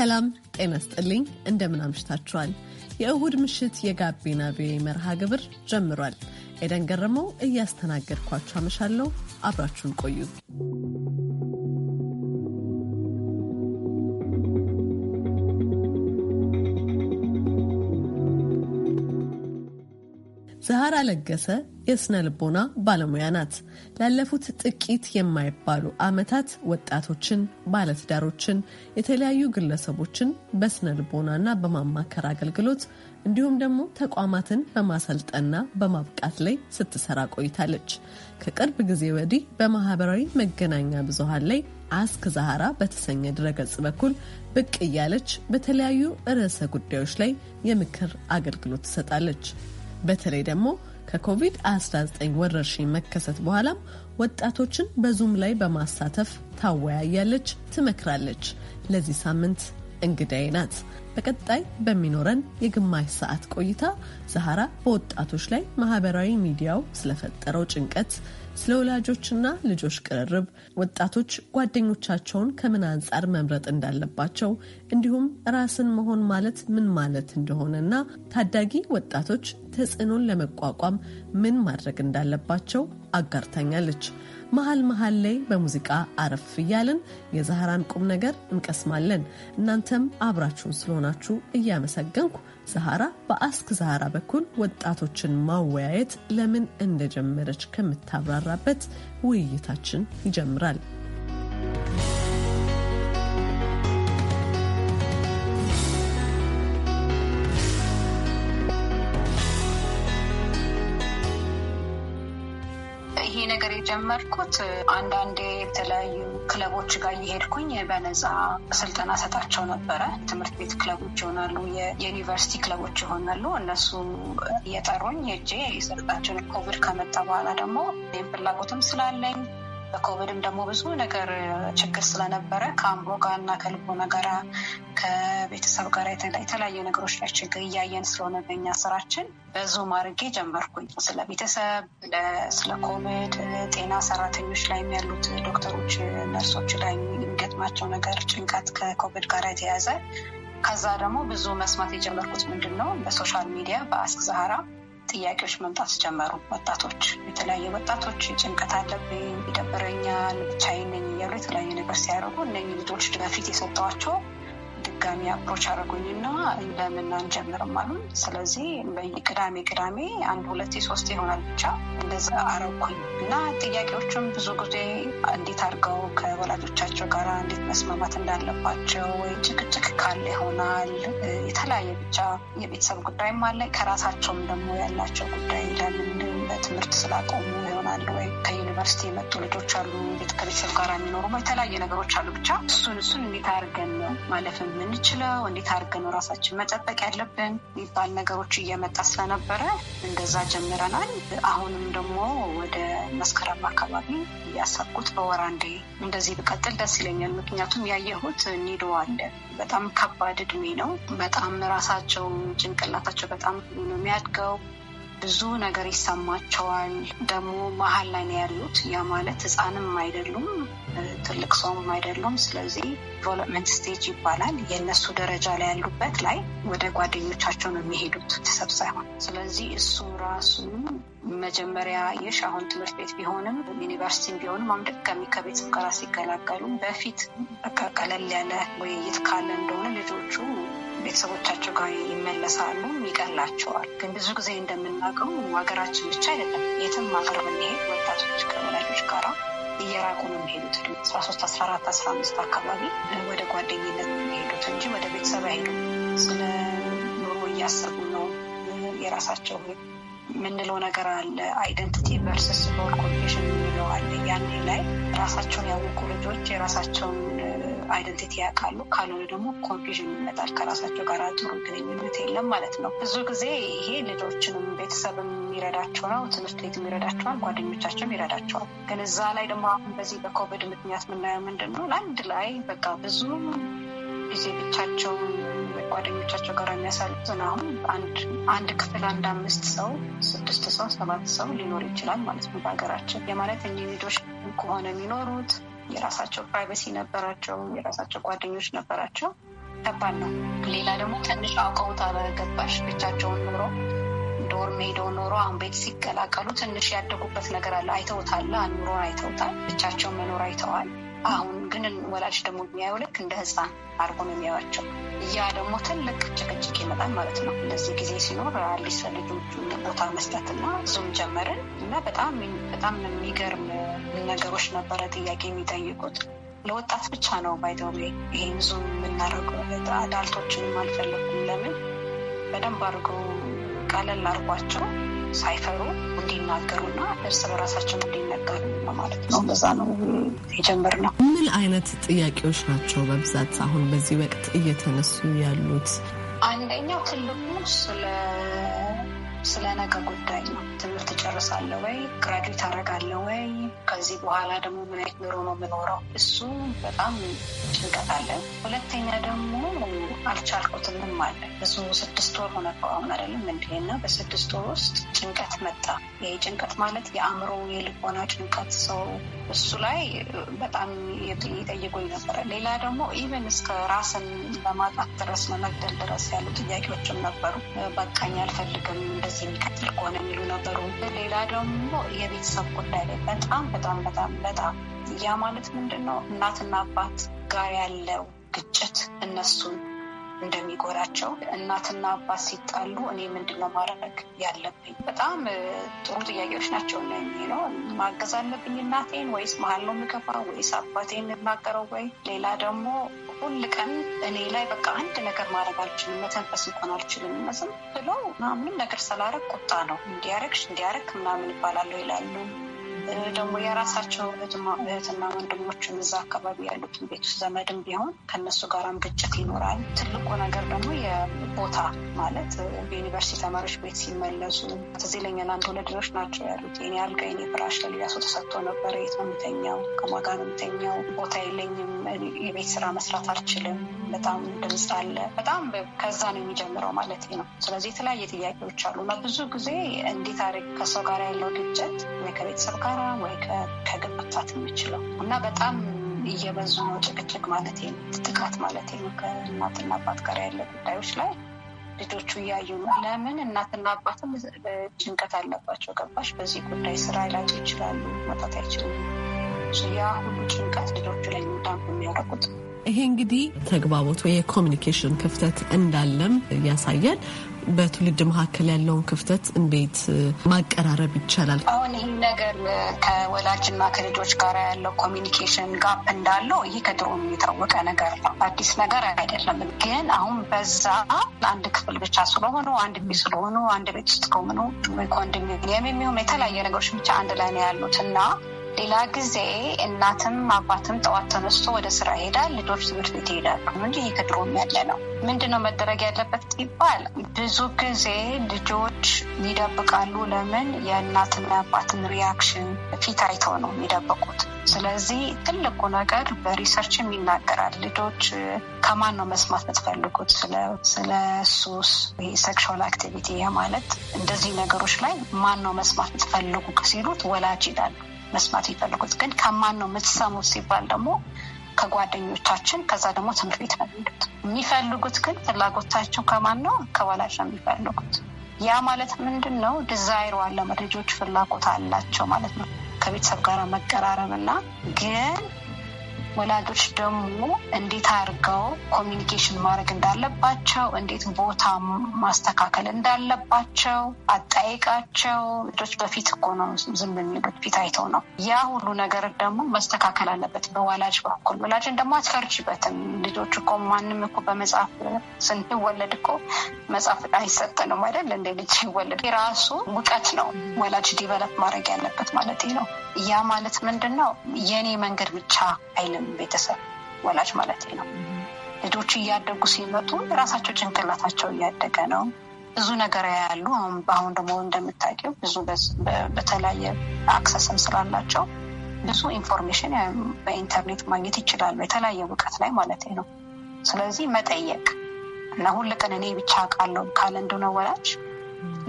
ሰላም ጤና ስጥልኝ። እንደምን አምሽታችኋል? የእሁድ ምሽት የጋቢና ቪኦኤ መርሃ ግብር ጀምሯል። ኤደን ገረመው እያስተናገድኳችሁ አመሻለሁ። አብራችሁን ቆዩ። ዛህራ ለገሰ የስነ ልቦና ባለሙያ ናት። ላለፉት ጥቂት የማይባሉ ዓመታት ወጣቶችን፣ ባለትዳሮችን፣ የተለያዩ ግለሰቦችን በስነ ልቦናና በማማከር አገልግሎት እንዲሁም ደግሞ ተቋማትን በማሰልጠና በማብቃት ላይ ስትሰራ ቆይታለች። ከቅርብ ጊዜ ወዲህ በማህበራዊ መገናኛ ብዙሃን ላይ አስክ ዛህራ በተሰኘ ድረገጽ በኩል ብቅ እያለች በተለያዩ ርዕሰ ጉዳዮች ላይ የምክር አገልግሎት ትሰጣለች። በተለይ ደግሞ ከኮቪድ-19 ወረርሽኝ መከሰት በኋላም ወጣቶችን በዙም ላይ በማሳተፍ ታወያያለች፣ ትመክራለች። ለዚህ ሳምንት እንግዳዬ ናት። በቀጣይ በሚኖረን የግማሽ ሰዓት ቆይታ ዛሃራ በወጣቶች ላይ ማህበራዊ ሚዲያው ስለፈጠረው ጭንቀት፣ ስለ ወላጆችና ልጆች ቅርርብ፣ ወጣቶች ጓደኞቻቸውን ከምን አንጻር መምረጥ እንዳለባቸው እንዲሁም ራስን መሆን ማለት ምን ማለት እንደሆነና ታዳጊ ወጣቶች ተጽዕኖን ለመቋቋም ምን ማድረግ እንዳለባቸው አጋርታኛለች። መሀል መሀል ላይ በሙዚቃ አረፍ እያልን የዛህራን ቁም ነገር እንቀስማለን። እናንተም አብራችሁን ስለሆናችሁ እያመሰገንኩ ዛህራ በአስክ ዛህራ በኩል ወጣቶችን ማወያየት ለምን እንደጀመረች ከምታብራራበት ውይይታችን ይጀምራል። የጀመርኩት አንዳንዴ የተለያዩ ክለቦች ጋር እየሄድኩኝ በነፃ ስልጠና ሰጣቸው ነበረ። ትምህርት ቤት ክለቦች ይሆናሉ፣ የዩኒቨርሲቲ ክለቦች ይሆናሉ። እነሱ እየጠሩኝ ሄጄ ስልጣቸውን ኮቪድ ከመጣ በኋላ ደግሞ ፍላጎትም ስላለኝ በኮቪድም ደግሞ ብዙ ነገር ችግር ስለነበረ ከአእምሮ ጋር እና ከልቦና ከቤተሰብ ጋር የተለያዩ ነገሮች ላይ ችግር እያየን ስለሆነ በኛ ስራችን በዙም አድርጌ ጀመርኩኝ። ስለ ቤተሰብ፣ ስለ ኮቪድ፣ ጤና ሰራተኞች ላይም ያሉት ዶክተሮች፣ ነርሶች ላይ የሚገጥማቸው ነገር ጭንቀት ከኮቪድ ጋር የተያዘ ከዛ ደግሞ ብዙ መስማት የጀመርኩት ምንድን ነው በሶሻል ሚዲያ በአስክ ዛህራ ጥያቄዎች መምጣት ጀመሩ። ወጣቶች የተለያዩ ወጣቶች ጭንቀት አለብኝ፣ ይደብረኛል፣ ብቻዬን ነኝ እያሉ የተለያዩ ነገር ሲያደርጉ እነ ልጆች በፊት የሰጠዋቸው ድጋሚ አፕሮች አደረጉኝና ለምን አንጀምርም አሉኝ። ስለዚህ ቅዳሜ ቅዳሜ አንድ ሁለት ሶስት ይሆናል ብቻ እንደዛ አረኩኝ እና ጥያቄዎቹም ብዙ ጊዜ እንዴት አድርገው ከወላጆቻቸው ጋር እንዴት መስማማት እንዳለባቸው ወይ ጭቅጭቅ ካለ ይሆናል የተለያየ ብቻ የቤተሰብ ጉዳይም አለ ከራሳቸውም ደግሞ ያላቸው ጉዳይ ለምን ትምህርት ስላቆሙ ይሆናል ወይ ከዩኒቨርሲቲ የመጡ ልጆች አሉ፣ ከቤተሰብ ጋር የሚኖሩ የተለያየ ነገሮች አሉ። ብቻ እሱን እሱን እንዴት አድርገን ነው ማለፍ የምንችለው፣ እንዴት አድርገን ነው ራሳችን መጠበቅ ያለብን የሚባል ነገሮች እየመጣ ስለነበረ እንደዛ ጀምረናል። አሁንም ደግሞ ወደ መስከረም አካባቢ ያሰብኩት በወር አንዴ እንደዚህ ብቀጥል ደስ ይለኛል። ምክንያቱም ያየሁት ኒዶ አለ። በጣም ከባድ እድሜ ነው። በጣም ራሳቸው ጭንቅላታቸው በጣም ነው የሚያድገው ብዙ ነገር ይሰማቸዋል። ደግሞ መሀል ላይ ነው ያሉት። ያ ማለት ህፃንም አይደሉም ትልቅ ሰውም አይደሉም። ስለዚህ ዴቨሎፕመንት ስቴጅ ይባላል። የእነሱ ደረጃ ላይ ያሉበት ላይ ወደ ጓደኞቻቸው ነው የሚሄዱት ተሰብ ሳይሆን። ስለዚህ እሱ ራሱ መጀመሪያ የሽ አሁን ትምህርት ቤት ቢሆንም ዩኒቨርሲቲ ቢሆንም አሁን ድጋሚ ከቤተሰብ ጋር ሲገላገሉ በፊት ቀለል ያለ ውይይት ካለ እንደሆነ ልጆቹ ቤተሰቦቻቸው ጋር ይመለሳሉ፣ ይቀላቸዋል። ግን ብዙ ጊዜ እንደምናውቀው ሀገራችን ብቻ አይደለም፣ የትም ሀገር ብንሄድ ወጣቶች ከወላጆች ጋራ እየራቁ ነው የሚሄዱት። አስራ ሶስት አስራ አራት አስራ አምስት አካባቢ ወደ ጓደኝነት የሚሄዱት እንጂ ወደ ቤተሰብ አይሄዱም። ስለ ኑሮ እያሰቡ ነው። የራሳቸው የምንለው ነገር አለ። አይደንቲቲ ቨርስስ ሎር ኮንዲሽን የምንለው አለ። ያኔ ላይ ራሳቸውን ያወቁ ልጆች የራሳቸውን አይደንቲቲ ያውቃሉ። ካልሆነ ደግሞ ኮንፊዥን ይመጣል። ከራሳቸው ጋር ጥሩ ግንኙነት የለም ማለት ነው። ብዙ ጊዜ ይሄ ልጆችንም ቤተሰብም የሚረዳቸው ነው። ትምህርት ቤት የሚረዳቸዋል፣ ጓደኞቻቸውም ይረዳቸዋል። ግን እዛ ላይ ደግሞ አሁን በዚህ በኮቪድ ምክንያት የምናየው ምንድን ነው ለአንድ ላይ በቃ ብዙ ጊዜ ብቻቸውን ጓደኞቻቸው ጋር የሚያሳልፉትን አሁን አንድ ክፍል አንድ አምስት ሰው ስድስት ሰው ሰባት ሰው ሊኖር ይችላል ማለት ነው በሀገራችን የማለት እኚህ ልጆች ከሆነ የሚኖሩት የራሳቸው ፕራይቬሲ ነበራቸው፣ የራሳቸው ጓደኞች ነበራቸው። ከባድ ነው። ሌላ ደግሞ ትንሽ አውቀውት አለገባሽ ብቻቸውን ኖሮ ዶርም ሄደው ኖሮ አሁን ቤት ሲቀላቀሉ ትንሽ ያደጉበት ነገር አለ። አይተውታል፣ ኑሮን አይተውታል፣ ብቻቸውን መኖር አይተዋል። አሁን ግን ወላጅ ደግሞ የሚያየው ልክ እንደ ህፃን አድርጎ ነው የሚያያቸው። ያ ደግሞ ትልቅ ጭቅጭቅ ይመጣል ማለት ነው። እንደዚህ ጊዜ ሲኖር አዲስ ልጆቹ ቦታ መስጠትና ዙም ጀመርን እና በጣም በጣም የሚገርም ነገሮች ነበረ ጥያቄ የሚጠይቁት። ለወጣት ብቻ ነው ባይደው ይሄ ብዙ የምናደርገው አዳልቶችንም አልፈለጉም ለምን በደንብ አድርገው ቀለል አርጓቸው ሳይፈሩ እንዲናገሩና እርስ በራሳቸው እንዲነገሩ ማለት ነው። በዛ ነው የጀመርነው። ምን አይነት ጥያቄዎች ናቸው በብዛት አሁን በዚህ ወቅት እየተነሱ ያሉት? አንደኛው ትልቁ ስለ ስለ ነገ ጉዳይ ነው። ትምህርት ጨርሳለሁ ወይ ግራጁዌት አደርጋለሁ ወይ ከዚህ በኋላ ደግሞ ምን አይነት ኑሮ ነው የምኖረው? እሱ በጣም ጭንቀት አለ። ሁለተኛ ደግሞ አልቻልኩትም አለ። ብዙ ስድስት ወር ሆነ አሁን አይደለም እንዲህ እና በስድስት ወር ውስጥ ጭንቀት መጣ። ይህ ጭንቀት ማለት የአእምሮ የልቦና ጭንቀት ሰው እሱ ላይ በጣም ይጠይቁኝ ነበረ። ሌላ ደግሞ ኢቨን እስከ ራስን ለማጣት ድረስ ለመግደል ድረስ ያሉ ጥያቄዎችም ነበሩ። በቃኝ አልፈልግም እንደዚህ የሚቀጥል ከሆነ የሚሉ ነበሩ። ሌላ ደግሞ የቤተሰብ ጉዳይ ላይ በጣም በጣም በጣም በጣም ያ ማለት ምንድን ነው እናትና አባት ጋር ያለው ግጭት እነሱን እንደሚጎዳቸው እናትና አባት ሲጣሉ እኔ ምንድነው ማድረግ ያለብኝ? በጣም ጥሩ ጥያቄዎች ናቸው። ነ ነው ማገዝ አለብኝ እናቴን ወይስ መሀል ነው የምገባ ወይስ አባቴን የምናገረው ወይ ሌላ ደግሞ ሁል ቀን እኔ ላይ በቃ አንድ ነገር ማድረግ አልችልም፣ መተንፈስ እንኳን አልችልም። መስም ብሎ ምንም ነገር ስላረግ ቁጣ ነው እንዲያረግሽ እንዲያረግ ምናምን ይባላሉ ይላሉ። ደግሞ የራሳቸው እህትና ወንድሞችም እዛ አካባቢ ያሉትን ቤት ውስጥ ዘመድም ቢሆን ከነሱ ጋራም ግጭት ይኖራል። ትልቁ ነገር ደግሞ የቦታ ማለት በዩኒቨርሲቲ ተማሪዎች ቤት ሲመለሱ ትዝ ይለኛል። አንድ ሁለት ናቸው ያሉት የኔ አልጋ የኔ ፍራሽ ለሌላ ሰው ተሰጥቶ ነበር። የት ነው የሚተኛው? ከማን ጋር ነው የሚተኛው? ቦታ የለኝም። የቤት ስራ መስራት አልችልም። በጣም ድምፅ አለ። በጣም ከዛ ነው የሚጀምረው ማለት ነው። ስለዚህ የተለያየ ጥያቄዎች አሉ እና ብዙ ጊዜ እንዴት አድርግ ከሰው ጋር ያለው ግጭት ከቤተሰብ ጋር ልታወራ ወይ ከግብ መፍታት የምችለው እና በጣም እየበዙ ነው። ጭቅጭቅ ማለት ነው፣ ጥቃት ማለት ነው። ከእናትና አባት ጋር ያለ ጉዳዮች ላይ ልጆቹ እያዩ ነው። ለምን እናትና አባትም ጭንቀት አለባቸው። ገባሽ? በዚህ ጉዳይ ስራ ላጡ ይችላሉ፣ መጣት አይችሉም። ያ ሁሉ ጭንቀት ልጆቹ ላይ እንዳንዱ የሚያደርጉት ይሄ እንግዲህ ተግባቦት ወይ የኮሚኒኬሽን ክፍተት እንዳለም ያሳያል። በትውልድ መካከል ያለውን ክፍተት እንዴት ማቀራረብ ይቻላል? አሁን ይህ ነገር ከወላጅና ከልጆች ጋር ያለው ኮሚኒኬሽን ጋፕ እንዳለው ይህ ከድሮ የታወቀ ነገር ነው፣ አዲስ ነገር አይደለም። ግን አሁን በዛ አንድ ክፍል ብቻ ስለሆኑ አንድ ቤት ስለሆኑ አንድ ቤት ውስጥ ከሆኑ ወይ ኮንዶሚኒየም የሚሆኑ የተለያየ ነገሮች ብቻ አንድ ላይ ነው ያሉት እና ሌላ ጊዜ እናትም አባትም ጠዋት ተነስቶ ወደ ስራ ይሄዳል፣ ልጆች ትምህርት ቤት ይሄዳሉ እንጂ ይህ ከድሮም ያለ ነው። ምንድነው መደረግ ያለበት ይባል ብዙ ጊዜ ልጆች ይደብቃሉ። ለምን? የእናትና አባትን ሪያክሽን ፊት አይተው ነው የሚደብቁት። ስለዚህ ትልቁ ነገር በሪሰርችም ይናገራል። ልጆች ከማን ነው መስማት የምትፈልጉት? ስለ ሱስ፣ ሴክሹዋል አክቲቪቲ ማለት እንደዚህ ነገሮች ላይ ማን ነው መስማት የምትፈልጉ ሲሉት ወላጅ ይላሉ። መስማት የሚፈልጉት ግን ከማን ነው የምትሰሙት ሲባል ደግሞ ከጓደኞቻችን ከዛ ደግሞ ትምህርት ቤት የሚፈልጉት ግን ፍላጎታቸው ከማን ነው ከወላጅ ነው የሚፈልጉት ያ ማለት ምንድን ነው ዲዛይሩ አለ ልጆች ፍላጎት አላቸው ማለት ነው ከቤተሰብ ጋር መቀራረብ እና ግን ወላጆች ደግሞ እንዴት አድርገው ኮሚኒኬሽን ማድረግ እንዳለባቸው፣ እንዴት ቦታ ማስተካከል እንዳለባቸው አጠያይቃቸው። ልጆች በፊት እኮ ነው ዝም የሚሉት ፊት አይተው ነው። ያ ሁሉ ነገር ደግሞ መስተካከል አለበት በወላጅ በኩል። ወላጅን ደግሞ አትፈርጅበትም። ልጆች እኮ ማንም እኮ በመጽሐፍ ስንወለድ እኮ መጽሐፍ አይሰጠንም አይደል? እንደ ልጅ ይወለድ የራሱ ሙቀት ነው ወላጅ ዲቨለፕ ማድረግ ያለበት ማለት ነው። ያ ማለት ምንድን ነው የእኔ መንገድ ብቻ አይልም ቤተሰብ ወላጅ ማለት ነው። ልጆች እያደጉ ሲመጡ የራሳቸው ጭንቅላታቸው እያደገ ነው። ብዙ ነገር ያሉ አሁን በአሁን ደግሞ እንደምታውቂው ብዙ በተለያየ አክሰስም ስላላቸው ብዙ ኢንፎርሜሽን በኢንተርኔት ማግኘት ይችላሉ፣ የተለያየ እውቀት ላይ ማለት ነው። ስለዚህ መጠየቅ እና ሁል ቀን እኔ ብቻ አውቃለሁ ካለ እንደሆነ ወላጅ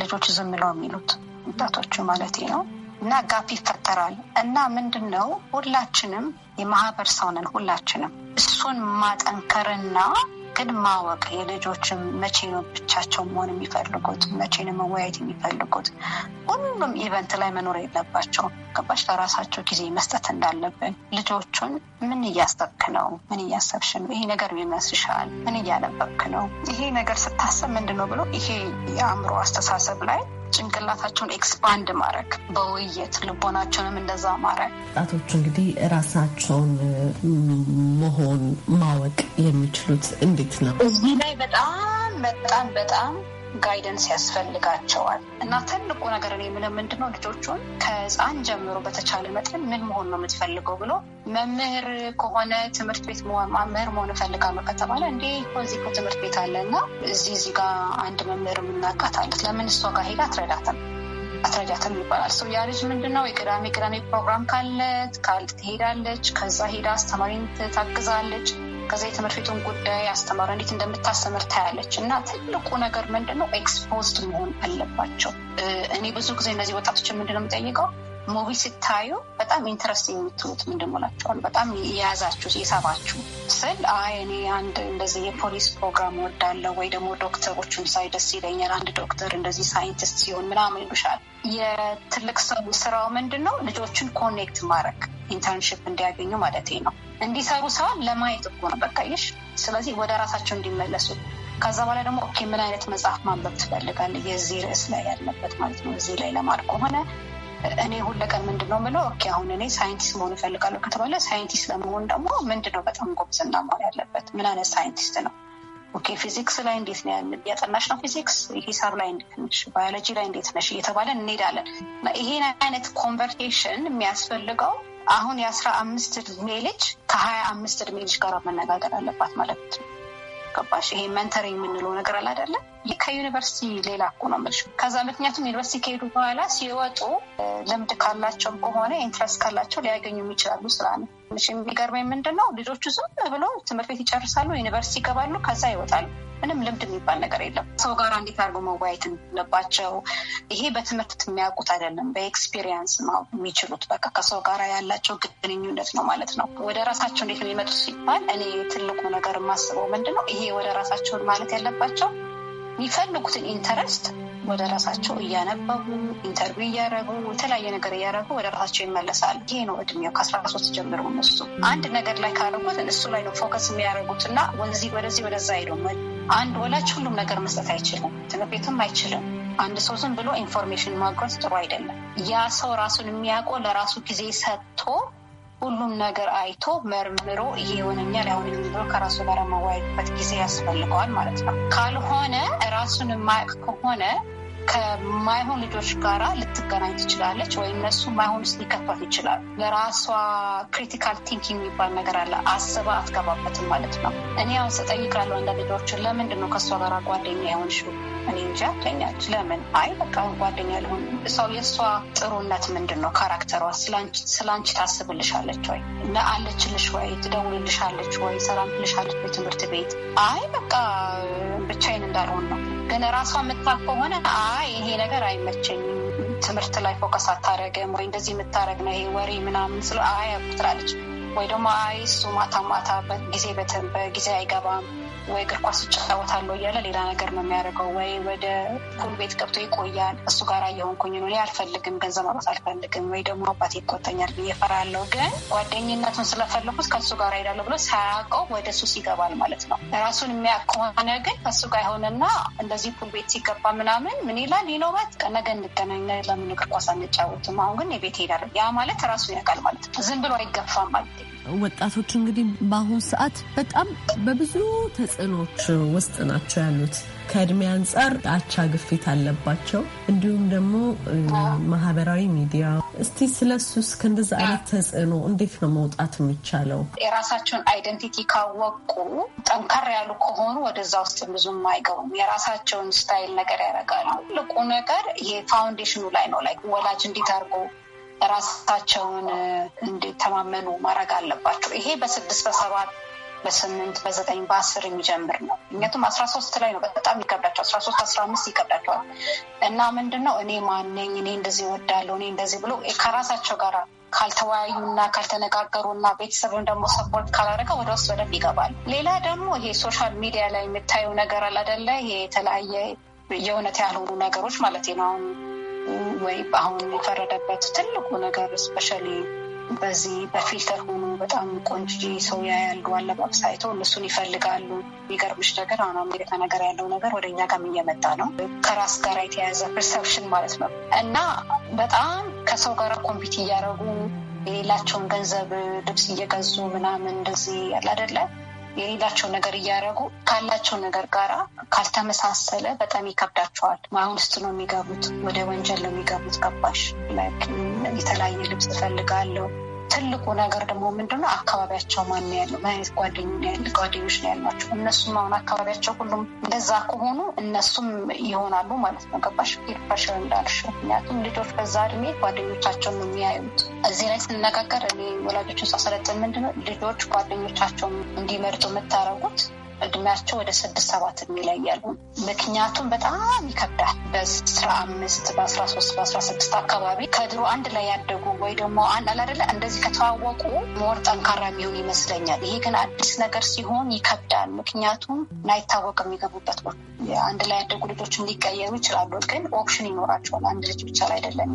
ልጆች ዝም ብለው የሚሉት ወጣቶቹ ማለት ነው እና ጋፕ ይፈጠራል እና ምንድን ነው ሁላችንም የማህበር ሰው ነን። ሁላችንም እሱን ማጠንከርና ግን ማወቅ የልጆችም መቼ ነው ብቻቸው መሆን የሚፈልጉት፣ መቼ ነው መወያየት የሚፈልጉት። ሁሉም ኢቨንት ላይ መኖር የለባቸው ገባሽ? ለራሳቸው ጊዜ መስጠት እንዳለብን ልጆቹን ምን እያሰብክ ነው? ምን እያሰብሽ ነው? ይሄ ነገር ይመስልሻል? ምን እያነበብክ ነው? ይሄ ነገር ስታሰብ ምንድን ነው ብሎ ይሄ የአእምሮ አስተሳሰብ ላይ ጭንቅላታቸውን ኤክስፓንድ ማድረግ በውይይት ልቦናቸውንም እንደዛ ማድረግ ወጣቶቹ እንግዲህ ራሳቸውን መሆን ማወቅ የሚችሉት እንዴት ነው? እዚህ ላይ በጣም በጣም በጣም ጋይደንስ ያስፈልጋቸዋል እና ትልቁ ነገር ነው የምለው ምንድነው ልጆቹን ከህፃን ጀምሮ በተቻለ መጠን ምን መሆን ነው የምትፈልገው ብሎ መምህር ከሆነ ትምህርት ቤት መምህር መሆን እፈልጋለሁ ከተባለ እንዴ እዚህ ትምህርት ቤት አለ እና እዚህ እዚህ ጋር አንድ መምህር የምናውቃት አለት ለምን እሷ ጋር ሄዳ አትረዳትም አትረጃትም ይባላል። ሰው ያ ልጅ ምንድነው የቅዳሜ ቅዳሜ ፕሮግራም ካለት ካል ትሄዳለች። ከዛ ሄዳ አስተማሪን ታግዛለች። ከዛ የትምህርት ቤቱን ጉዳይ አስተማሪ እንዴት እንደምታስተምር ታያለች። እና ትልቁ ነገር ምንድነው ኤክስፖዝድ መሆን አለባቸው። እኔ ብዙ ጊዜ እነዚህ ወጣቶችን ምንድነው የምጠይቀው ሙቪ ስታዩ በጣም ኢንትረስቲንግ የምትሉት ምንድን ላቸዋል? በጣም የያዛችሁ የሳባችሁ ስል አይ እኔ አንድ እንደዚህ የፖሊስ ፕሮግራም ወዳለው ወይ ደግሞ ዶክተሮችን ሳይ ደስ ይለኛል። አንድ ዶክተር እንደዚህ ሳይንቲስት ሲሆን ምናምን ይሉሻል። የትልቅ ሰው ስራው ምንድን ነው? ልጆችን ኮኔክት ማድረግ ኢንተርንሽፕ እንዲያገኙ ማለት ነው። እንዲሰሩ ሰውን ለማየት እኮ ነው በቃየሽ። ስለዚህ ወደ ራሳቸው እንዲመለሱ ከዛ በኋላ ደግሞ ኦኬ ምን አይነት መጽሐፍ ማንበብ ትፈልጋለህ? የዚህ ርዕስ ላይ ያለበት ማለት ነው። እዚህ ላይ ለማድ ከሆነ እኔ ሁለቀን ምንድን ነው የምለው ኦኬ አሁን እኔ ሳይንቲስት መሆን እፈልጋለሁ ከተባለ ሳይንቲስት ለመሆን ደግሞ ምንድን ነው በጣም ጎብዝና መሆን ያለበት? ምን አይነት ሳይንቲስት ነው? ኦኬ ፊዚክስ ላይ እንዴት ነው ያጠናሽ ነው ፊዚክስ፣ ሂሳብ ላይ እንዴት ነሽ፣ ባዮሎጂ ላይ እንዴት ነሽ እየተባለ እንሄዳለን። ይሄን አይነት ኮንቨርሴሽን የሚያስፈልገው አሁን የአስራ አምስት እድሜ ልጅ ከሀያ አምስት እድሜ ልጅ ጋር መነጋገር አለባት ማለት ነው። ገባሽ? ይሄ መንተር የምንለው ነገር አለ ከዩኒቨርሲቲ ሌላ እኮ ነው የምልሽ። ከዛ ምክንያቱም ዩኒቨርሲቲ ከሄዱ በኋላ ሲወጡ ልምድ ካላቸውም ከሆነ ኢንትረስት ካላቸው ሊያገኙ የሚችላሉ ስራ ነው። የሚገርመኝ ምንድን ነው ልጆቹ ዝም ብለው ትምህርት ቤት ይጨርሳሉ፣ ዩኒቨርሲቲ ይገባሉ፣ ከዛ ይወጣሉ። ምንም ልምድ የሚባል ነገር የለም። ሰው ጋር እንዴት አድርገው መወያየት እንዳለባቸው ይሄ በትምህርት የሚያውቁት አይደለም፣ በኤክስፒሪየንስ ነው የሚችሉት። በቃ ከሰው ጋር ያላቸው ግንኙነት ነው ማለት ነው። ወደ ራሳቸው እንዴት ነው የሚመጡት ሲባል እኔ ትልቁ ነገር የማስበው ምንድን ነው ይሄ ወደ ራሳቸውን ማለት ያለባቸው የሚፈልጉትን ኢንተረስት ወደ ራሳቸው እያነበቡ ኢንተርቪው እያደረጉ የተለያየ ነገር እያደረጉ ወደ ራሳቸው ይመለሳሉ። ይሄ ነው እድሜው ከአስራ ሶስት ጀምሮ እነሱ አንድ ነገር ላይ ካደረጉት እሱ ላይ ነው ፎከስ የሚያደርጉት እና ወደዚህ ወደዚህ ወደዛ አይደው አንድ ወላጅ ሁሉም ነገር መስጠት አይችልም፣ ትምህርት ቤትም አይችልም። አንድ ሰው ዝም ብሎ ኢንፎርሜሽን ማግኘት ጥሩ አይደለም። ያ ሰው ራሱን የሚያውቀው ለራሱ ጊዜ ሰጥቶ ሁሉም ነገር አይቶ መርምሮ ይሄ ይሆነኛል አሁን የሚለው ከራሱ ጋር መወያየበት ጊዜ ያስፈልገዋል ማለት ነው። ካልሆነ ራሱን የማያውቅ ከሆነ ከማይሆን ልጆች ጋር ልትገናኝ ትችላለች፣ ወይም እነሱ ማይሆን ውስጥ ሊከፋት ይችላል። ለራሷ ክሪቲካል ቲንኪንግ የሚባል ነገር አለ። አስባ አትገባበትም ማለት ነው። እኔ አሁን ስጠይቃለሁ አንዳንድ ልጆች ለምንድን ነው ከእሷ ጋር ጓደኛ የሆንሽው? እኔ እንጂ አለኛች። ለምን? አይ በቃ ጓደኛ ልሆን። ሰው የእሷ ጥሩነት ምንድን ነው? ካራክተሯ ስለአንቺ ታስብልሻለች ወይ እና አለችልሽ ወይ ትደውልልሻለች ወይ ሰላም ትልሻለች ወይ ትምህርት ቤት? አይ በቃ ብቻዬን እንዳልሆን ነው ግን ራሷ የምታል ከሆነ አይ ይሄ ነገር አይመቸኝም፣ ትምህርት ላይ ፎከስ አታደረግም ወይ እንደዚህ የምታደረግ ነው ይሄ ወሬ ምናምን ስለ አይ ትላለች ወይ ደግሞ አይ እሱ ማታ ማታ ጊዜ በጊዜ አይገባም ወይ እግር ኳስ እጫወታለሁ እያለ ሌላ ነገር ነው የሚያደርገው። ወይ ወደ ፑል ቤት ገብቶ ይቆያል። እሱ ጋር እየሆንኩኝ ነው። አልፈልግም፣ ገንዘብ ማውጣት አልፈልግም፣ ወይ ደግሞ አባት ይቆጠኛል ብዬ እፈራለሁ። ግን ጓደኝነቱን ስለፈለኩት ከሱ ጋር ሄዳለሁ ብሎ ሳያውቀው ወደ ሱስ ይገባል ማለት ነው። ራሱን የሚያውቅ ከሆነ ግን ከሱ ጋር ይሆንና እንደዚህ ፑል ቤት ሲገባ ምናምን ምን ይላል ይኖበት ነገ እንገናኝ፣ ለምን እግር ኳስ አንጫወትም? አሁን ግን የቤት ሄዳለ። ያ ማለት ራሱ ያውቃል ማለት ነው። ዝም ብሎ አይገፋም ማለት ወጣቶች እንግዲህ በአሁን ሰዓት በጣም በብዙ ተጽዕኖች ውስጥ ናቸው ያሉት። ከእድሜ አንጻር አቻ ግፊት አለባቸው። እንዲሁም ደግሞ ማህበራዊ ሚዲያ። እስቲ ስለሱስ ከእንደዚ አይነት ተጽዕኖ እንዴት ነው መውጣት የሚቻለው? የራሳቸውን አይደንቲቲ ካወቁ ጠንከር ያሉ ከሆኑ ወደዛ ውስጥ ብዙም አይገቡም። የራሳቸውን ስታይል ነገር ያደርጋሉ። ልቁ ነገር ይሄ ፋውንዴሽኑ ላይ ነው። ላይ ወላጅ እንዴት አድርጎ ራሳቸውን እንዲተማመኑ ማድረግ አለባቸው። ይሄ በስድስት በሰባት በስምንት በዘጠኝ በአስር የሚጀምር ነው። ምክንያቱም አስራ ሶስት ላይ ነው በጣም ይከብዳቸው። አስራ ሶስት አስራ አምስት ይከብዳቸዋል። እና ምንድን ነው እኔ ማነኝ እኔ እንደዚህ እወዳለሁ እኔ እንደዚህ ብሎ ከራሳቸው ጋር ካልተወያዩና ካልተነጋገሩና ቤተሰብም ደግሞ ሰፖርት ካላደረገ ወደ ውስጥ በደንብ ይገባል። ሌላ ደግሞ ይሄ ሶሻል ሚዲያ ላይ የምታየው ነገር አላደለ ይሄ የተለያየ የእውነት ያልሆኑ ነገሮች ማለት ነው አሁን ወይ አሁን የፈረደበት ትልቁ ነገር እስፔሻሊ በዚህ በፊልተር ሆኖ በጣም ቆንጆ ሰው ያያሉ፣ አለባበስ አይቶ እነሱን ይፈልጋሉ። የሚገርምሽ ነገር አሁን አሜሪካ ነገር ያለው ነገር ወደ እኛ ጋርም እየመጣ ነው። ከራስ ጋር የተያያዘ ፐርሰፕሽን ማለት ነው እና በጣም ከሰው ጋር ኮምፒት እያደረጉ የሌላቸውን ገንዘብ ልብስ እየገዙ ምናምን እንደዚህ ያለ አይደለ የሌላቸው ነገር እያደረጉ ካላቸው ነገር ጋር ካልተመሳሰለ በጣም ይከብዳቸዋል። አሁን ውስጥ ነው የሚገቡት፣ ወደ ወንጀል ነው የሚገቡት። ገባሽ? የተለያየ ልብስ እፈልጋለሁ ትልቁ ነገር ደግሞ ምንድነው አካባቢያቸው ማን ያለው ምን አይነት ጓደኞች ነው ያሏቸው። እነሱም አሁን አካባቢያቸው ሁሉም እንደዛ ከሆኑ እነሱም ይሆናሉ ማለት ነው። ገባሽ ፒርፐሽ እንዳልሽ። ምክንያቱም ልጆች በዛ እድሜ ጓደኞቻቸውን ነው የሚያዩት። እዚህ ላይ ስንነጋገር እኔ ወላጆችን ሳሰለጥን ምንድነው ልጆች ጓደኞቻቸውን እንዲመርጡ የምታደርጉት እድሜያቸው ወደ ስድስት ሰባት የሚለያሉ። ምክንያቱም በጣም ይከብዳል። በአስራ አምስት በአስራ ሶስት በአስራ ስድስት አካባቢ ከድሮ አንድ ላይ ያደጉ ወይ ደግሞ አንድ አላደለ እንደዚህ ከተዋወቁ ሞር ጠንካራ የሚሆን ይመስለኛል። ይሄ ግን አዲስ ነገር ሲሆን ይከብዳል። ምክንያቱም ናይታወቅ የሚገቡበት አንድ ላይ ያደጉ ልጆችም ሊቀየሩ ይችላሉ። ግን ኦፕሽን ይኖራቸዋል። አንድ ልጅ ብቻ ላይ አይደለም።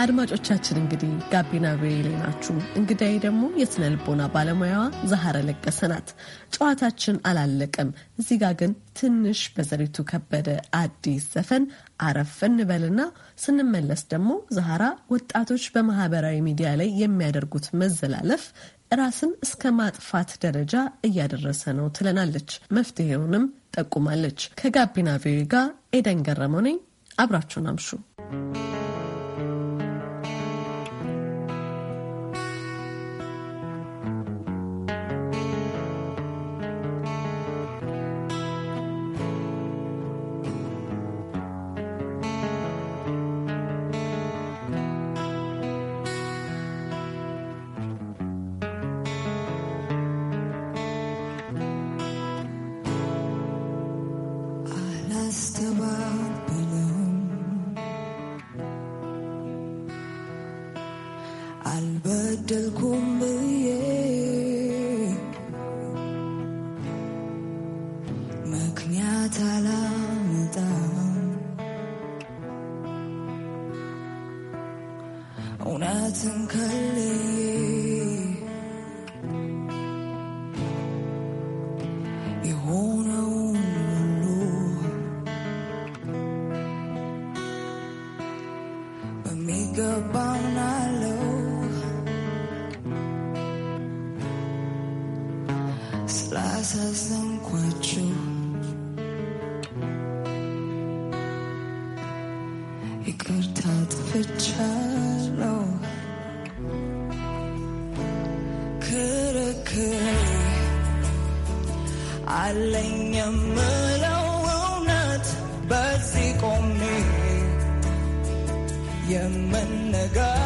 አድማጮቻችን እንግዲህ ጋቢና ቬሌ ናችሁ። እንግዳዬ ደግሞ የስነ ልቦና ባለሙያዋ ዛሀረ ለገሰ ናት። ጨዋታችን አላለቀም። እዚህ ጋር ግን ትንሽ በዘሪቱ ከበደ አዲስ ዘፈን አረፍ እንበልና ስንመለስ ደግሞ ዛሀራ ወጣቶች በማህበራዊ ሚዲያ ላይ የሚያደርጉት መዘላለፍ ራስን እስከ ማጥፋት ደረጃ እያደረሰ ነው ትለናለች። መፍትሄውንም ጠቁማለች። ከጋቢና ቪኦኤ ጋር ኤደን ገረመው ነኝ። አብራችሁን አምሹ። las i de un cuello. Y cortad fecharlo. Kırıkır. አለኝ የምለው እውነት በዚህ ቆሜ የምነገር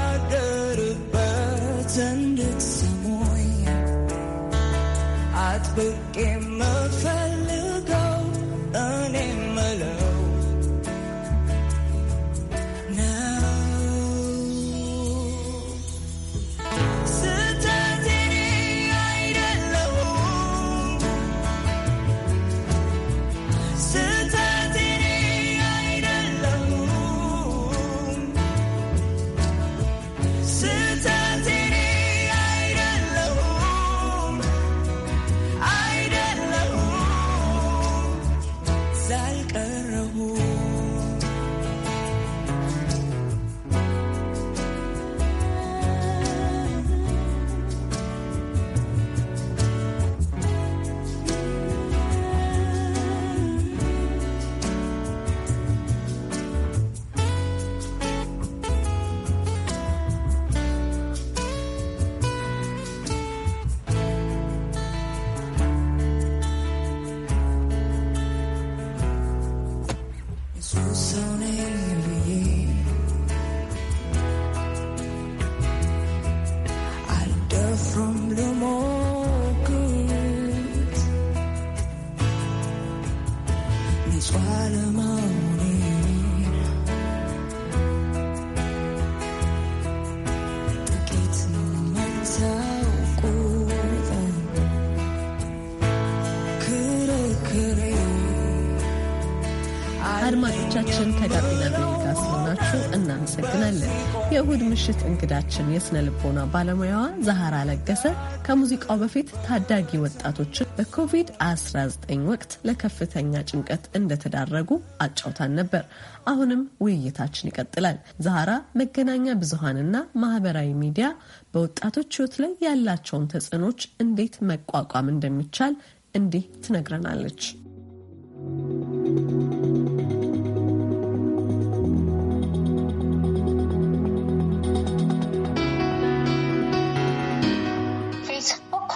ከጋቢና ቤጋ ስለሆናችሁ እናመሰግናለን። የእሁድ ምሽት እንግዳችን የስነ ልቦና ባለሙያዋ ዛሐራ ለገሰ ከሙዚቃው በፊት ታዳጊ ወጣቶችን በኮቪድ-19 ወቅት ለከፍተኛ ጭንቀት እንደተዳረጉ አጫውታን ነበር። አሁንም ውይይታችን ይቀጥላል። ዛሐራ መገናኛ ብዙሃንና ማህበራዊ ሚዲያ በወጣቶች ሕይወት ላይ ያላቸውን ተጽዕኖች እንዴት መቋቋም እንደሚቻል እንዲህ ትነግረናለች።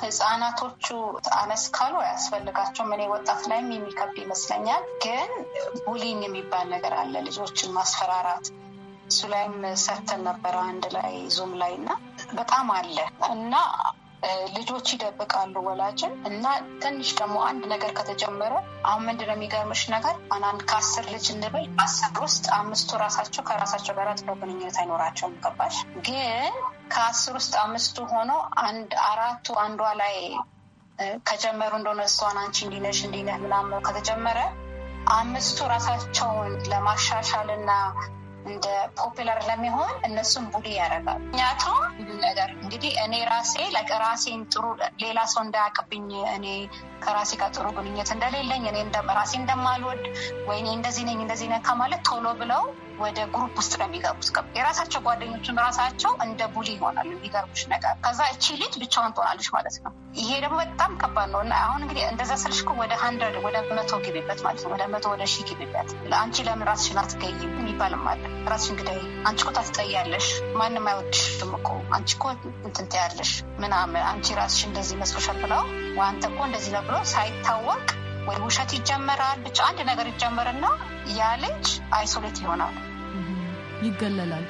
ህጻናቶቹ አነስ ካሉ አያስፈልጋቸውም። እኔ ወጣት ላይም የሚከብድ ይመስለኛል። ግን ቡሊንግ የሚባል ነገር አለ፣ ልጆችን ማስፈራራት እሱ ላይም ሰርተን ነበረ አንድ ላይ ዙም ላይ እና በጣም አለ እና ልጆች ይደብቃሉ ወላጅን እና ትንሽ ደግሞ አንድ ነገር ከተጀመረ አሁን ምንድነው የሚገርምሽ ነገር አንድ ከአስር ልጅ እንበል አስር ውስጥ አምስቱ ራሳቸው ከራሳቸው ጋር ጥሩ ግንኙነት አይኖራቸውም። ገባሽ? ግን ከአስር ውስጥ አምስቱ ሆኖ አንድ አራቱ አንዷ ላይ ከጀመሩ እንደሆነ እሷን አንቺ እንዲነሽ እንዲነህ ምናምን ከተጀመረ አምስቱ ራሳቸውን ለማሻሻል እና እንደ ፖፑላር ለሚሆን እነሱም ቡሊ ያደርጋል። ምክንያቱም ነገር እንግዲህ እኔ ራሴ ራሴን ጥሩ ሌላ ሰው እንዳያቅብኝ እኔ ከራሴ ጋር ጥሩ ግንኙነት እንደሌለኝ እኔ ራሴ እንደማልወድ ወይኔ እንደዚህ ነኝ እንደዚህ ነካ ማለት ቶሎ ብለው ወደ ግሩፕ ውስጥ ነው የሚገቡት። የራሳቸው ጓደኞችም ራሳቸው እንደ ቡሊ ይሆናሉ። የሚገርምሽ ነገር ከዛ እቺ ልጅ ብቻዋን ትሆናለች ማለት ነው። ይሄ ደግሞ በጣም ከባድ ነው እና አሁን እንግዲህ እንደዛ ስልሽ እኮ ወደ ሀንድረድ ወደ መቶ ግቢበት ማለት ነው። ወደ መቶ ወደ ሺህ ግቢበት። አንቺ ለምን ራስሽን አትገይም የሚባልም አለ። ራስሽን ግዳይ፣ አንቺ እኮ ታስጠያለሽ፣ ማንም አይወድሽም እኮ አንቺ እኮ እንትን ትያለሽ ምናምን፣ አንቺ ራስሽ እንደዚህ መስሎሻል ብለው ዋንተ እኮ እንደዚህ ለብሎ ሳይታወቅ ወይ ውሸት ይጀመራል። ብቻ አንድ ነገር ይጀመርና ያ ልጅ አይሶሌት ይሆናል። ይገለላል።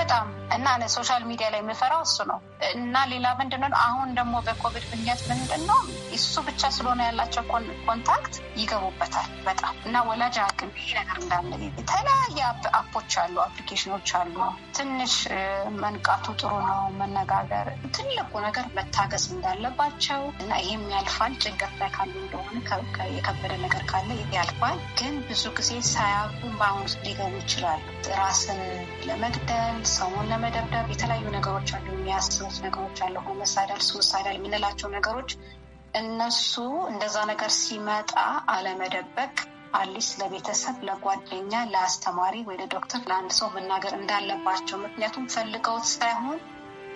በጣም እና ሶሻል ሚዲያ ላይ የምፈራው እሱ ነው። እና ሌላ ምንድን ነው አሁን ደግሞ በኮቪድ ምክንያት ምንድን ነው እሱ ብቻ ስለሆነ ያላቸው ኮንታክት ይገቡበታል በጣም እና ወላጅ አቅም ነገር እንዳለ የተለያየ አፖች አሉ፣ አፕሊኬሽኖች አሉ። ትንሽ መንቃቱ ጥሩ ነው። መነጋገር ትልቁ ነገር መታገስ እንዳለባቸው እና ይህም ያልፋል። ጭንቀት ላይ ካሉ እንደሆነ የከበደ ነገር ካለ ያልፋል። ግን ብዙ ጊዜ ሳያውቁ በአሁኑ ሊገቡ ይችላሉ። ራስን ለመግደል ሰውን ለመደብደብ የተለያዩ ነገሮች አሉ፣ የሚያስቡት ነገሮች አሉ። ሆመሳይዳል ሱሳይዳል የምንላቸው ነገሮች እነሱ እንደዛ ነገር ሲመጣ አለመደበቅ አሊስ ለቤተሰብ፣ ለጓደኛ፣ ለአስተማሪ ወይ ለዶክተር፣ ለአንድ ሰው መናገር እንዳለባቸው ምክንያቱም ፈልገውት ሳይሆን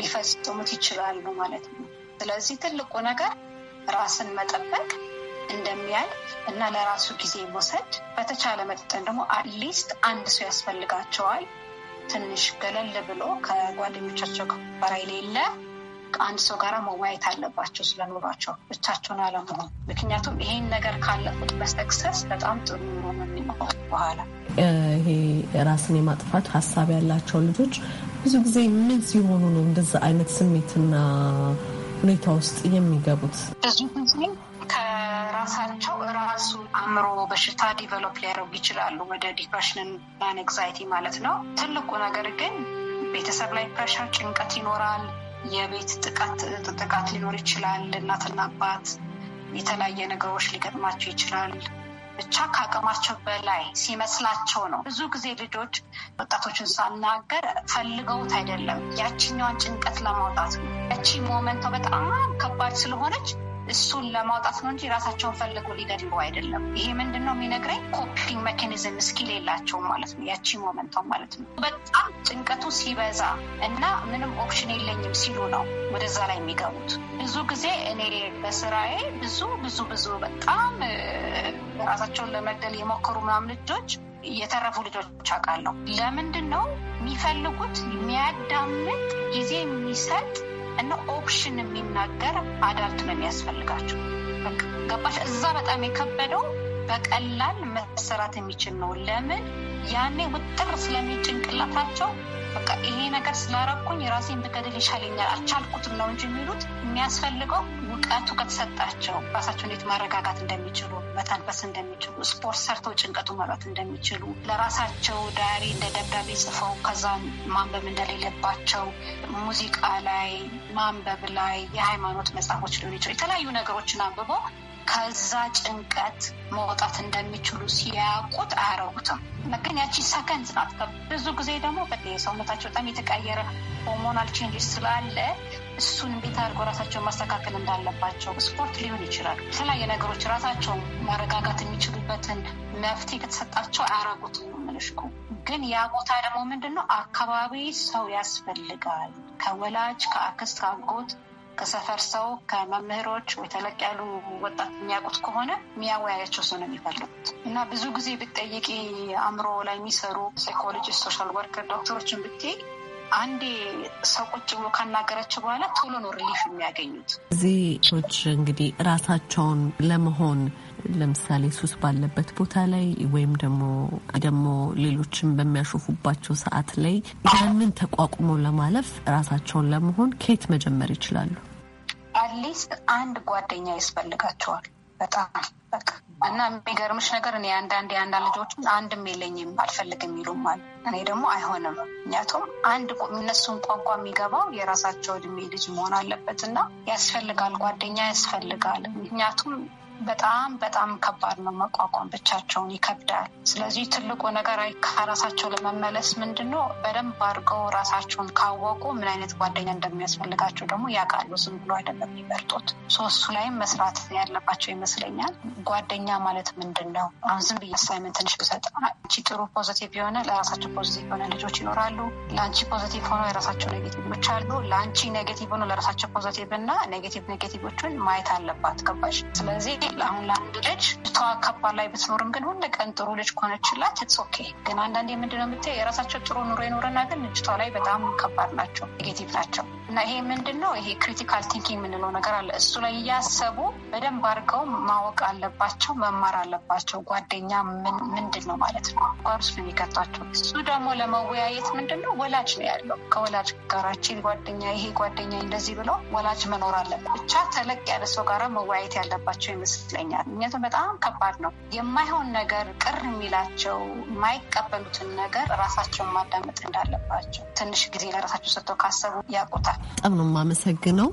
ሊፈጽሙት ይችላሉ ማለት ነው። ስለዚህ ትልቁ ነገር ራስን መጠበቅ እንደሚያል እና ለራሱ ጊዜ መውሰድ በተቻለ መጠን ደግሞ አትሊስት አንድ ሰው ያስፈልጋቸዋል። ትንሽ ገለል ብሎ ከጓደኞቻቸው ጋር የሌለ ከአንድ ሰው ጋር መወያየት አለባቸው ስለኖሯቸው ብቻቸውን አለመሆን። ምክንያቱም ይሄን ነገር ካለፉት በሰክሰስ በጣም ጥሩ ነው የሚኖሩት። በኋላ ይሄ ራስን የማጥፋት ሀሳብ ያላቸው ልጆች ብዙ ጊዜ ምን ሲሆኑ ነው እንደዛ አይነት ስሜትና ሁኔታ ውስጥ የሚገቡት? ብዙ ጊዜ ከራሳቸው ራሱ አእምሮ በሽታ ዲቨሎፕ ሊያደርጉ ይችላሉ። ወደ ዲፕሬሽን እና ማለት ነው። ትልቁ ነገር ግን ቤተሰብ ላይ ፕሬሽር፣ ጭንቀት ይኖራል። የቤት ጥቃት ጥቃት ሊኖር ይችላል። እናትና አባት የተለያየ ነገሮች ሊገጥማቸው ይችላል። ብቻ ከአቅማቸው በላይ ሲመስላቸው ነው። ብዙ ጊዜ ልጆች ወጣቶችን ሳናገር ፈልገውት አይደለም፣ ያችኛዋን ጭንቀት ለማውጣት ነው። ያቺ ሞመንቷ በጣም ከባድ ስለሆነች እሱን ለማውጣት ነው እንጂ ራሳቸውን ፈልጎ ሊገድቡ አይደለም። ይሄ ምንድን ነው የሚነግረኝ? ኮፒንግ መካኒዝም ስኪል የላቸውም ማለት ነው። ያቺ ሞመንቷ ማለት ነው። በጣም ጭንቀቱ ሲበዛ እና ምንም ኦፕሽን የለኝም ሲሉ ነው ወደዛ ላይ የሚገቡት። ብዙ ጊዜ እኔ በስራዬ ብዙ ብዙ ብዙ በጣም ራሳቸውን ለመግደል የሞከሩ ምናምን ልጆች የተረፉ ልጆች አውቃለሁ። ለምንድን ነው የሚፈልጉት? የሚያዳምጥ ጊዜ የሚሰጥ እና ኦፕሽን የሚናገር አዳልት ነው የሚያስፈልጋቸው። ገባሽ? እዛ በጣም የከበደው በቀላል መሰራት የሚችል ነው። ለምን ያኔ ውጥር ስለሚጭንቅላታቸው በቃ ይሄ ነገር ስላረኩኝ ራሴን ብገድል ይሻለኛል አልቻልኩትም ነው እንጂ የሚሉት የሚያስፈልገው ቀን ከተሰጣቸው ሰጣቸው። ራሳቸው እንዴት ማረጋጋት እንደሚችሉ፣ መተንፈስ እንደሚችሉ፣ ስፖርት ሰርተው ጭንቀቱ መውጣት እንደሚችሉ፣ ለራሳቸው ዳሪ እንደ ደብዳቤ ጽፈው ከዛ ማንበብ እንደሌለባቸው፣ ሙዚቃ ላይ ማንበብ ላይ የሃይማኖት መጽሐፎች ሊሆን ይችላል የተለያዩ ነገሮችን አንብበው ከዛ ጭንቀት መውጣት እንደሚችሉ ሲያውቁት አያረጉትም። ግን ያቺ ሰከንድ ናት። ብዙ ጊዜ ደግሞ የሰውነታቸው በጣም የተቀየረ ሆርሞናል ቼንጅ ስላለ እሱን እንዴት አድርገው ራሳቸውን ማስተካከል እንዳለባቸው ስፖርት ሊሆን ይችላል። የተለያየ ነገሮች ራሳቸውን ማረጋጋት የሚችሉበትን መፍትሄ ከተሰጣቸው አያረጉትም። ምንሽ ግን ያ ቦታ ደግሞ ምንድን ነው አካባቢ ሰው ያስፈልጋል። ከወላጅ ከአክስት፣ ከአጎት፣ ከሰፈር ሰው፣ ከመምህሮች ወይ ተለቅ ያሉ ወጣት የሚያውቁት ከሆነ የሚያወያያቸው ሰው ነው የሚፈልጉት እና ብዙ ጊዜ ብትጠይቂ አእምሮ ላይ የሚሰሩ ሳይኮሎጂስት፣ ሶሻል ወርከር ዶክተሮችን ብትይ አንዴ ሰው ቁጭ ብሎ ካናገረችው በኋላ ቶሎ ነው ሪሊፍ የሚያገኙት። እዚህ ቶች እንግዲህ እራሳቸውን ለመሆን ለምሳሌ ሱስ ባለበት ቦታ ላይ ወይም ደግሞ ደግሞ ሌሎችን በሚያሾፉባቸው ሰዓት ላይ ያንን ተቋቁመው ለማለፍ ራሳቸውን ለመሆን ከየት መጀመር ይችላሉ? አትሊስት አንድ ጓደኛ ያስፈልጋቸዋል። በጣም በቃ እና የሚገርምሽ ነገር እኔ አንዳንድ የአንዳንድ ልጆችን አንድም የለኝም አልፈልግም ይሉም አሉ። እኔ ደግሞ አይሆንም። ምክንያቱም አንድ እነሱን ቋንቋ የሚገባው የራሳቸው እድሜ ልጅ መሆን አለበት እና ያስፈልጋል፣ ጓደኛ ያስፈልጋል። ምክንያቱም በጣም በጣም ከባድ ነው መቋቋም፣ ብቻቸውን ይከብዳል። ስለዚህ ትልቁ ነገር ከራሳቸው ለመመለስ ምንድን ነው በደንብ አድርገው ራሳቸውን ካወቁ ምን አይነት ጓደኛ እንደሚያስፈልጋቸው ደግሞ ያውቃሉ። ዝም ብሎ አይደለም የሚመርጡት። ሶስቱ ላይም መስራት ያለባቸው ይመስለኛል። ጓደኛ ማለት ምንድን ነው? አሁን ዝም ብዬ አሳይመንት ትንሽ ብሰጥ አንቺ ጥሩ ፖዘቲቭ የሆነ ለራሳቸው ፖዘቲቭ የሆነ ልጆች ይኖራሉ። ለአንቺ ፖዘቲቭ ሆኖ የራሳቸው ኔጌቲቮች አሉ። ለአንቺ ኔጌቲቭ ሆኖ ለራሳቸው ፖዘቲቭ እና ኔጌቲቭ ኔጌቲቮችን ማየት አለባት። ገባሽ? ስለዚህ አሁን ለአንድ ልጅ ልቷ ካባ ላይ ብትኖርም ግን ሁል ቀን ጥሩ ልጅ ከሆነችላት ኢትስ ኦኬ። ግን አንዳንዴ ምንድነው የምታይ የራሳቸው ጥሩ ኑሮ የኖረና ግን ልጅቷ ላይ በጣም ከባድ ናቸው፣ ኔጌቲቭ ናቸው። እና ይሄ ምንድን ነው? ይሄ ክሪቲካል ቲንኪንግ የምንለው ነገር አለ። እሱ ላይ እያሰቡ በደንብ አድርገው ማወቅ አለባቸው፣ መማር አለባቸው። ጓደኛ ምንድን ነው ማለት ነው፣ ጓር ውስጥ ነው የሚከቷቸው። እሱ ደግሞ ለመወያየት ምንድን ነው ወላጅ ነው ያለው። ከወላጅ ጋራችን ጓደኛ ይሄ ጓደኛ እንደዚህ ብለው ወላጅ መኖር አለበት። ብቻ ተለቅ ያለ ሰው ጋር መወያየት ያለባቸው ይመስለኛል። ምክንያቱም በጣም ከባድ ነው። የማይሆን ነገር ቅር የሚላቸው የማይቀበሉትን ነገር ራሳቸውን ማዳመጥ እንዳለባቸው ትንሽ ጊዜ ለራሳቸው ሰጥተው ካሰቡ ያውቁታል። በጣም ነው የማመሰግነው።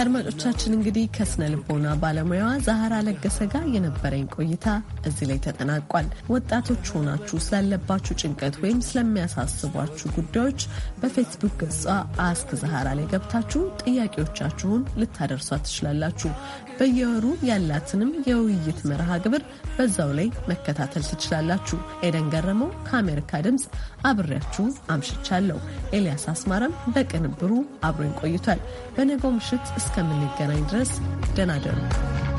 አድማጮቻችን እንግዲህ ከስነ ልቦና ባለሙያዋ ዛህራ ለገሰ ጋር የነበረኝ ቆይታ እዚህ ላይ ተጠናቋል። ወጣቶች ሆናችሁ ስላለባችሁ ጭንቀት ወይም ስለሚያሳስቧችሁ ጉዳዮች በፌስቡክ ገጿ አስክ ዛህራ ላይ ገብታችሁ ጥያቄዎቻችሁን ልታደርሷ ትችላላችሁ። በየወሩ ያላትንም የውይይት መርሃ ግብር በዛው ላይ መከታተል ትችላላችሁ። ኤደን ገረመው ከአሜሪካ ድምፅ አብሬያችሁ አምሽቻለሁ። ኤልያስ አስማረም በቅንብሩ አብሮኝ ቆይቷል። በነገው ምሽት እስከምንገናኝ ድረስ ደናደሩ።